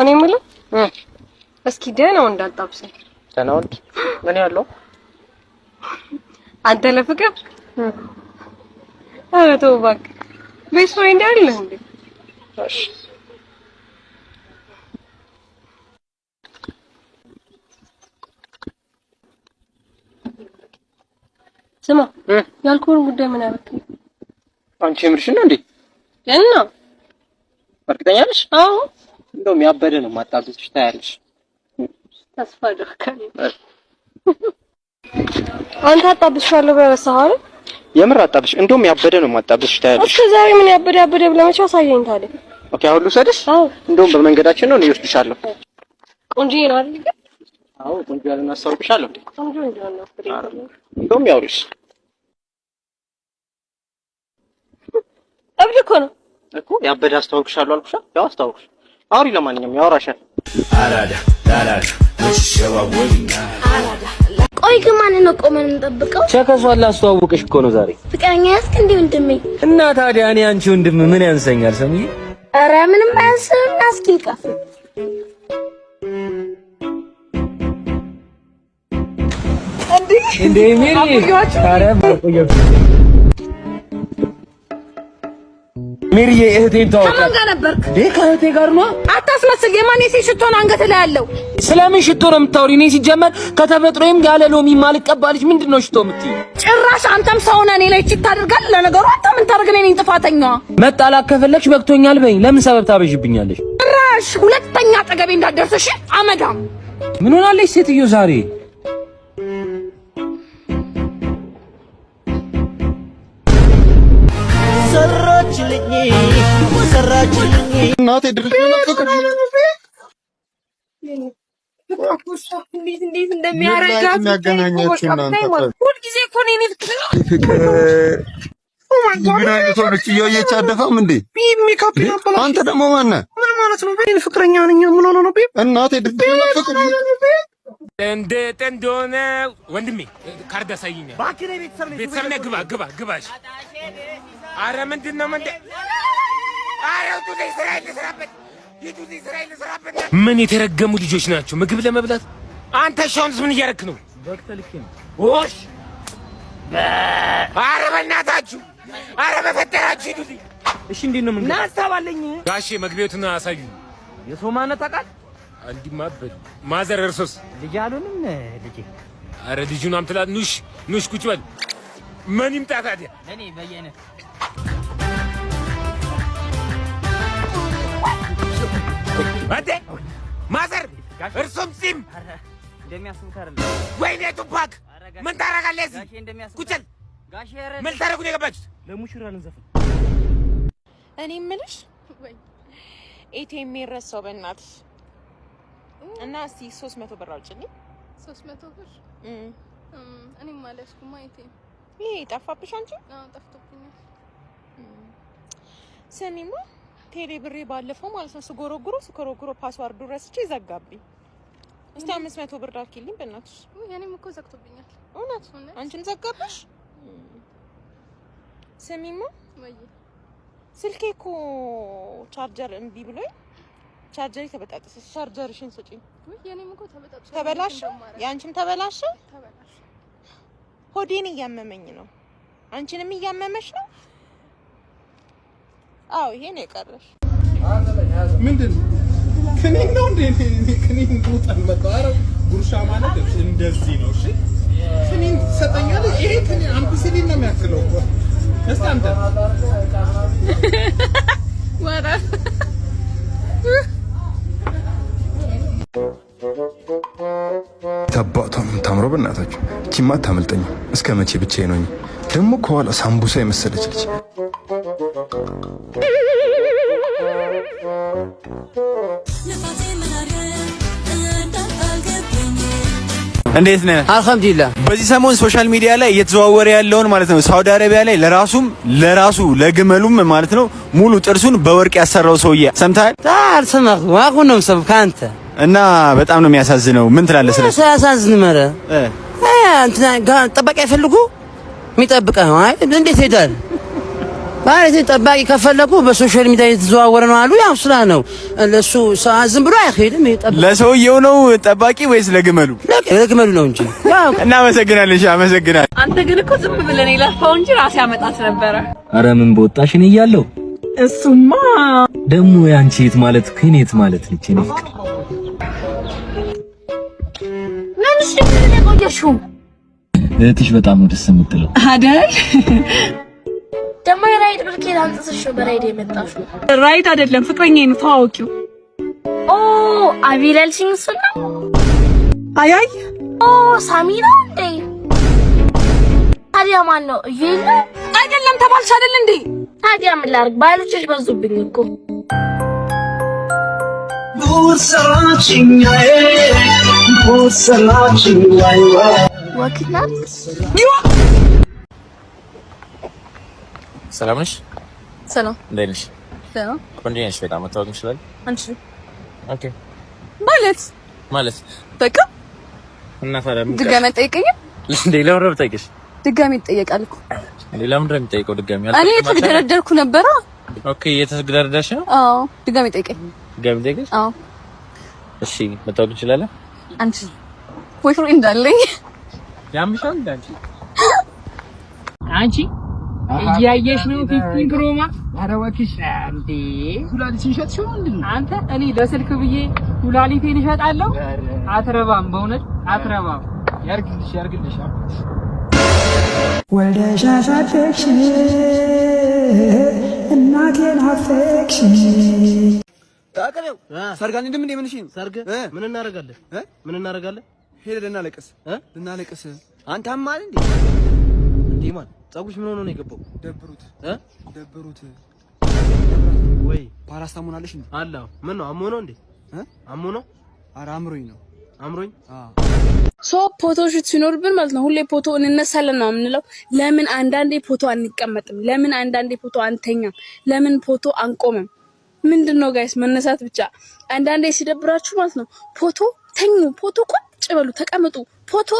እኔ የምልህ እስኪ ደህና ወንድ አጣብሰኝ። ደህና ወንድ ምን ያለው አንተ ለፍቅር ኧረ ተው እባክህ። ቤስት ፍሬንድ አይደለህ እንዴ? እሺ ስማ የአልኮል ጉዳይ ምን አበቃኝ? አንቺ የምርሽን ነው እንዴ? እና እርግጠኛ ነሽ? አዎ እንደውም ያበደ ነው ማጣብሽ ታያለሽ። ተስፋ አደርጋለሁ። አንተ አጣብሻለሁ በረሳህ የምር አጣብሽ። እንደውም ያበደ ነው ማጣብሽ ታያለሽ። እስከ ዛሬ ምን ያበደ ያበደ ብለህ መቼ አሳየኝ ታዲያ። ኦኬ አሁን ልውሰድሽ። እንደውም በመንገዳችን ነው እኔ እወስድሻለሁ። ቆንጆ ነው አይደል? አዎ ቆንጆ ያለ እናስታውቅሻለሁ። ቆንጆ እንደሆነ እንደውም ያውልሽ እብድ እኮ ነው እኮ ያበደ አስታውቅሻለሁ አልኩሻ። ያው አስታውቅሽ አውሪ። ለማንኛውም ያወራሻል። ቆይ ግን ማንን ነው ቆመን የምንጠብቀው? ቸከሷ ላስተዋውቅሽ እኮ ነው ዛሬ። ፍቅረኛ ያስክ እንዴ ወንድሜ? እና ታዲያ እኔ አንቺ ወንድም ምን ያንሰኛል? ሰምዬ፣ ኧረ ምንም አያንስም። እስኪ ቀፍ እንዴ እንዴ ሚሪ ሜሪ ሜሪዬ እህቴን ታውቃለህ? ከማን ጋር ነበርክ? ይሄ ከእህቴ ጋር ነው። አታስመስል። የማን የሴት ሽቶ ነው አንገት ላይ ያለው? ስለምን ሽቶ ነው የምታወሪው? እኔ ሲጀመር ከተፈጥሮዬም ያለ ሎሚ የማልቀባ ልጅ ምንድን ነው ሽቶ የምትይው? ጭራሽ አንተም ሰው ነህ እኔ ላይ ታደርጋለህ። ለነገሩ አንተ ምን ታደርግ? እኔ ነኝ ጥፋተኛዋ። መጣላት ከፈለግሽ በቅቶኛል በይኝ። ለምን ሰበብ ታበዥብኛለሽ? ጭራሽ ሁለተኛ አጠገቤ እንዳትደርስ እሺ? አመዳም ምን ሆናለች ሴትዮ ዛሬ እናቴ ድረስ አንተ ደግሞ ማነህ? ምን ማለት ነው? ፍቅረኛ ወንድሜ ካርድ አሳይኛል። ቤተሰብ ነህ። ምን የተረገሙ ልጆች ናቸው? ምግብ ለመብላት አንተ ሾንስ ምን እያረክ ነው? ኦሽ አረ በእናታችሁ፣ አረ በፈጠራችሁ ሂዱልኝ። እሺ እንዴት ነው? ምን ነው ሀሳብ ጋሼ መግቢያውን አሳዩ። የሶማነ ታውቃል? አንዲማ በል ማዘር፣ እርሶስ ልጅ አሉንም ልጅ። አረ ልጁን አምጥላት። ኑሽ ኑሽ፣ ቁጭ በል ምን ይምጣ ታዲያ እኔ በየነ አንተ ማዘር፣ እርሱም ጺም ወይኔ ቱፓክ ምን ታደርጋለህ እዚህ? ቁጭል ምን ልታደርጉ ነው የገባችሁት? ለሙሽራ ልንዘፍን። እኔ የምልሽ ኤቲኤም ረሳው፣ በእናትሽ እና እስቲ ሶስት መቶ ብር አውጭልኝ። ሶስት መቶ ብር እኔም አልያዝኩማ ኤቲኤም። ይሄ ጠፋብሽ አንቺ? ጠፍቶብኛል። ስሚማ ቴሌ ብሬ ባለፈው ማለት ነው ስጎረጉሮ ስጎረጉሮ ፓስዋርዱ ረስቼ ዘጋብኝ። እስቲ አምስት መቶ ብር ላኪልኝ በእናትሽ። እኔም እኮ ዘግቶብኛል። እውነት አንቺን ዘጋብሽ? ስሚማ ስልኬ እኮ ቻርጀር እምቢ ብሎኝ ቻርጀር ተበጣጠሰ። ቻርጀርሽን ስጪኝ። የእኔም እኮ ተበጣጠሰ፣ ተበላሸ። የአንቺም ተበላሸ። ሆዴን እያመመኝ ነው፣ አንቺንም እያመመሽ ነው። አዎ ይሄ ነው የቀረሽ። ምንድን ክኒን ነው እንዴ? ክኒን ሩጠን መጣ። ጉርሻ ማለት እንደዚህ ነው። እሺ ክኒን ይሄ ክኒን አምፒሲሊን ነው የሚያክለው እኮ። እስቲ አንተ ወራ ታምሮ በእናታችሁ ታመልጠኝ። እስከ መቼ ደግሞ ከኋላ ሳምቡሳ የመሰለች ልጅ እንዴት ነህ? አልሐምዱሊላህ። በዚህ ሰሞን ሶሻል ሚዲያ ላይ እየተዘዋወረ ያለውን ማለት ነው ሳውዲ አረቢያ ላይ ለራሱም ለራሱ ለግመሉም ማለት ነው ሙሉ ጥርሱን በወርቅ ያሰራው ሰውዬ ሰምተሃል? አልሰማሁም። አሁን ነው የምሰማው ከአንተ እና በጣም ነው የሚያሳዝነው። ምን ትላለህ ስለ ሳያሳዝን መረ እንትና ጠበቃ ይፈልጉ የሚጠብቀህ ነው። አይ እንዴት ሄዳል ማለት ጠባቂ ከፈለጉ በሶሻል ሚዲያ የተዘዋወረ ነው አሉ። ያው ስራ ነው ለሱ ዝም ብሎ አይሄድም። ለሰውየው ነው ጠባቂ ወይስ ለግመሉ? ለግመሉ ነው እንጂ። እናመሰግናለን። እሺ አመሰግናለሁ። አንተ ግን እኮ ዝም ብለን የለፋው እንጂ ራስ ያመጣት ነበረ። አረ ምን በወጣሽ እኔ እያለሁ እሱማ ደግሞ ያንቺ የት ማለት ክኔት ማለት ልጅ ነው እህትሽ በጣም ነው ደስ የምትለው አይደል? ደግሞ የራይድ ብርኬት አንጽስሽ ነው በራይድ የመጣሽው። ራይድ አይደለም ፍቅረኛ ነው ተዋወቂው። ኦ ሲንግ እሱ ነው። አይ ኦ ሳሚ ነው እንዴ? ታዲያ ማን ነው? ይሄ አይደለም ተባልሽ አይደል እንዴ? ታዲያ ምን ላድርግ? ባይሎችሽ በዙብኝ እኮ ቦርሳችን ሰላም ነሽ? ሰላም እንዴት ነሽ? ሰላም ቆንጆ ነሽ። በጣም መታወቅ እንችላለን። አንቺ ኦኬ ማለት ማለት በቃ እና ፈረም ድጋሚ አትጠይቀኝም እንዴ? ለምን ነው የምጠይቅሽ? ድጋሚ ይጠየቃል እኮ እንዴ? ለምን ነው የምጠይቀው ድጋሚ? እኔ የተደረደርኩ ነበረ። ኦኬ የተደረደርሽ ነው? አዎ ድጋሚ ጠይቀኝ። ድጋሚ ጠይቀሽ? አዎ እሺ መታወቅ እንችላለን። አንቺ ወይስ እንዳለኝ ያምሻል ዳንቺ አንቺ እያየሽ ነው። ፊፍቲን ፕሮ ኧረ እባክሽ እንዴ! ኩላሊትሽን ሸጥሽው ምንድን ነው አንተ? እኔ ለስልክ ብዬ ኩላሊቴን እሸጣለሁ? አትረባም፣ በእውነት አትረባም። ያርግልሽ፣ ያርግልሽ። ወልደሽ አሳደግሽኝ፣ እናቴን አፈቅሽኝ። ታቀለው ሰርጋን እንደምን እንደምንሽኝ ሰርግ ምን እናደርጋለን? ምን እናደርጋለን? ሄደህ ልናለቅስ ልናለቅስ አንተማ አይደል እንዴ? እንዴ ማን ፀጉሽ ምን ሆኖ ነው የገባው? ደብሩት እ ደብሩት ወይ ፓራስታሙን አለሽ እንዴ? አላው ምን ነው አሞ ነው እንዴ? አሞ ነው? ኧረ አምሮኝ ነው አምሮኝ ሶ ፎቶ ሹት ሲኖርብን ማለት ነው ሁሌ ፎቶ እንነሳለን ነው የምንለው። ለምን አንዳንዴ ፎቶ አንቀመጥም? ለምን አንዳንዴ ፎቶ አንተኛም? ለምን ፎቶ አንቆምም? ምንድን ነው ጋይስ መነሳት ብቻ። አንዳንዴ ሲደብራችሁ ማለት ነው ፎቶ ተኙ። ፎቶ ቆይ በሉ፣ ተቀምጡ፣ ፎቶ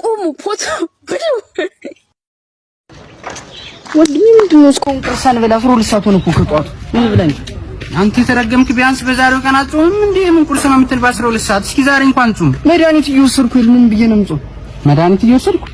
ቁሙ፣ ፎቶ ብሉ። ወንድሜ ምንድን ነው እስካሁን ቁርስ ሳንበላ አፍሮ ልሳት ሆነ እኮ ከጧቱ ምን ብለን አንተ የተረገምክ ቢያንስ በዛሬው ቀን አትጾም እንዴ? ምን ቁርስ ነው የምትል በአስራ ሁለት ሰዓት? እስኪ ዛሬ እንኳን ጾም መድኃኒት እየወሰድኩ ምን ብዬ ነው የምጾም? መድኃኒት እየወሰድኩ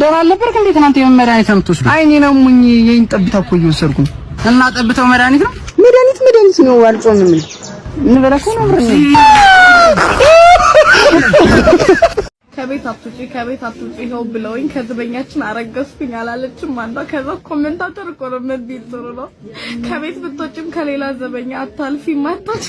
ደህና አልነበርክ እንዴ? ትናንት የምን መድኃኒት ነው የምትወስደው? አይ እኔን አሞኝ የእኔን ጠብታ እኮ እየወሰድኩ ነው። እና ጠብተው መድኃኒት ነው? መድኃኒት መድኃኒት ነው። አልጾምም። እንበላ እኮ ነው ብር ከቤት አትውጪ ከቤት አትውጪ ይኸው ብለውኝ ከዝበኛችን አረገዝኩኝ አላለችም አንዷ። ከዛ ኮሜንታተር እኮ ነው ምን ጥሩ ነው ከቤት ብትወጪም ከሌላ ዘበኛ አታልፊ ማታች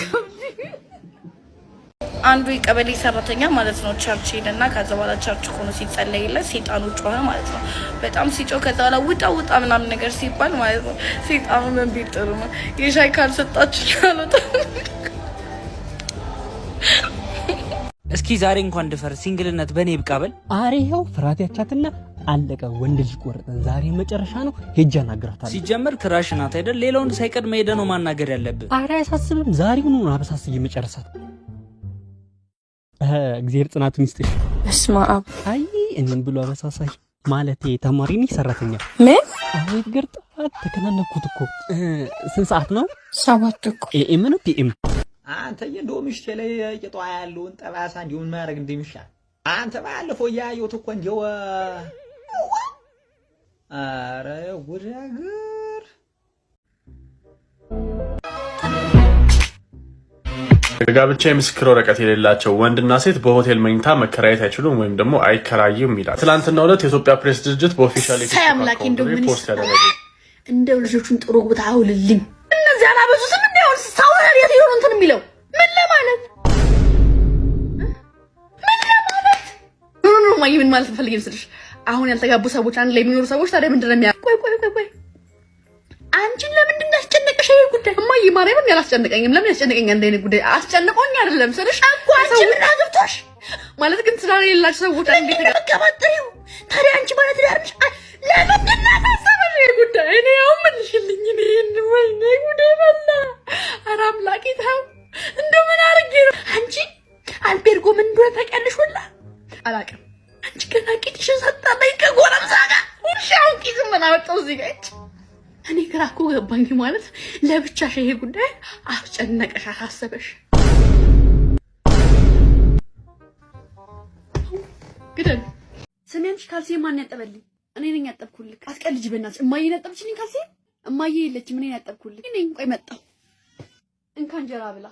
አንዱ የቀበሌ ሰራተኛ ማለት ነው ቸርች ሄደና ከዛ በኋላ ቸርች ሆኖ ሲጸለይለት ሴጣኑ ጮኸ ማለት ነው። በጣም ሲጮህ ከዛ በኋላ ውጣ ውጣ ምናምን ነገር ሲባል ማለት ነው ሴጣኑ ምን ቢል ጥሩ ነው የሻይ ካልሰጣችሁ ያሉት እስኪ ዛሬ እንኳን ድፈር፣ ሲንግልነት በእኔ ይብቃ በል። ኧረ ይኸው ፍርሃት ያቻትና አለቀ። ወንድ ልጅ ቆርጠን ዛሬ መጨረሻ ነው። ሄጄ አናግራታለሁ። ሲጀመር ክራሽ ናት አይደል? ሌላውን ሳይቀድመ ሄደ ነው ማናገር ያለብን። አረ አያሳስብም። ዛሬውን ሆኖ አበሳስዬ መጨረሳት። እግዚአብሔር ጽናቱን ይስጥሽ። እስማ አብ አይ እኔም ብሎ አበሳሳይ ማለት ተማሪ ነኝ ሰራተኛ ምን አቤት ገርጣ ተከናነኩት እኮ ስንት ሰዓት ነው? ሰባት እኮ ኤኤም ነው ፒኤም አንተዬ እንደው ምሽቴ ላይ ቂጧ ያለውን ጠባሳ እንዲሁ ምን ማድረግ እንደሚሻል አንተ ባለፈው እያየሁት እኮ እንደው ኧረ ጉድ አገር ጋብቻ የምስክር ወረቀት የሌላቸው ወንድና ሴት በሆቴል መኝታ መከራየት አይችሉም ወይም ደግሞ አይከራይም ይላል። ትናንትና ሁለት የኢትዮጵያ ፕሬስ ድርጅት በኦፊሻል ፖስት ያደረገ እንደው ልጆቹን ጥሩ ቦታ አውልልኝ እነዚህ አናበዙትም እንዲሆን ሳውና የት ሆኑ እንትን የሚለው ምን ለማለት ምን ለማለት ኖ ምን ማለት አሁን ያልተጋቡ ሰዎች አንድ ላይ የሚኖሩ ሰዎች ታዲያ ምንድን ነው የሚያ ቆይ ቆይ ቆይ ቆይ አንቺን ለምንድን ነው ያስጨነቀሽ ይሄ ጉዳይ? እማዬ ማርያምን ያላስጨነቀኝም። ለምን እንደ አይነት ጉዳይ አስጨንቆኝ አይደለም ስልሽ እኮ አንቺ ምን ማለት ግን ትዳር የሌላቸው ሰዎች አንዴ ተቀባጥሪው ታዲያ አንቺ ባለ ለምንድን ነው ጉዳይ እኔ ያው መልሽልኝ። እኔ ወይኔ ጉዴ በላ። ኧረ አምላኬ ተው፣ እንደው ምን አድርጌ ነው አንቺ አልቤርጎ ምን እንደሆነ ታውቂያለሽ? ሁላ አላውቅም። አንቺ ገና ቂጥሽን ሰጣለኝ ከጎረምሳ ጋር ውርሻውን ቂዝ ምን አወጣው እዚህ ጋር እኔ ግራ እኮ ገባኝ። ማለት ለብቻሽ ይሄ ጉዳይ አስጨነቀሽ፣ አሳሰበሽ። ግደል ስሜንሽ ካልሲ ማን ያጠበልኝ? እኔ ነኝ ያጠብኩልክ። አትቀልጅ በእናትሽ። እማዬ ያጠብችልኝ ካልሲ እማዬ የለችም። እኔ ያጠብኩልክ። እኔ ቆይ መጣሁ። እንካ እንጀራ ብላ።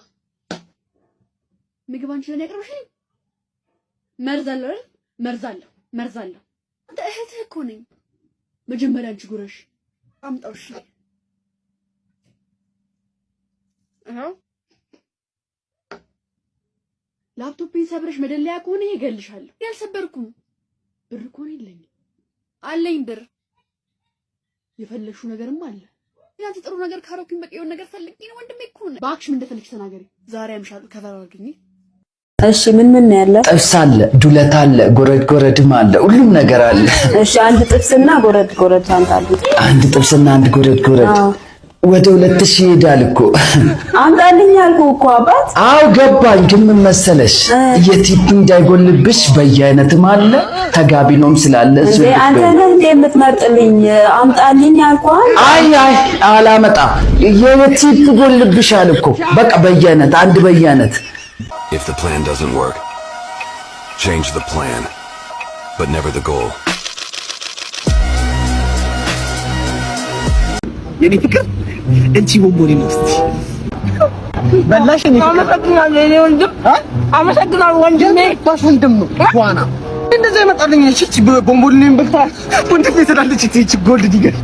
ምግብ አንቺ ለኔ ያቀርብሽልኝ። መርዛለሁ አይደል? መርዛለሁ፣ መርዛለሁ። አንተ እህትህ እኮ ነኝ። መጀመሪያ አንቺ ጉረሽ አምጣውሽ እሺ ላፕቶፕን ሰብረሽ መደለያ ከሆነ ይገልሻለሁ። ያልሰበርኩም ብር እኮ ነው የለኝም አለኝ ብር የፈለግሽው ነገርም አለ። እናንተ ጥሩ ነገር ካረኩኝ በቃ የሆነ ነገር ፈልግኝ ነው ወንድሜ እኮ ነው። እባክሽ ምን እንደፈለግሽ ተናገሪ። ዛሬ አምሻለሁ ከበር አድርግኝ። እሺ ምን ምን ያለ? ጥብስ አለ፣ ዱለት አለ፣ ጎረድ ጎረድም አለ፣ ሁሉም ነገር አለ። እሺ አንድ ጥብስና ጎረድ ጎረድ አንድ ጥብስና አንድ ጎረድ ጎረድ ወደ ሁለት ሺህ ይሄዳል እኮ አምጣልኝ አልኩህ እኮ አባት። አዎ ገባኝ፣ ግን ምን መሰለሽ የቲፕ እንዳይጎልብሽ በየአይነትም አለ ነውም ስላለ እሱ አንተ ነህ የምትመርጥልኝ። አምጣልኝ አልኩህ። አይ አይ አላመጣ። የቲፕ ጎልብሻል እኮ በቃ በየአይነት አንድ በየአይነት If the plan doesn't work, change the plan, but never the goal. የኔ ፍቅር እንቺ ቦምቦኔ ነው እስቲ በላሽ። እኔ አመሰግናለሁ፣ የኔ ወንድም አመሰግናለሁ ወንድሜ። ባሽ ወንድም ነው ዋና እንደዛ ይመጣልኝ። እሺ ቦምቦኔን በልታ ወንድሜ ትላለች። እቺ ጎልድ ዲገር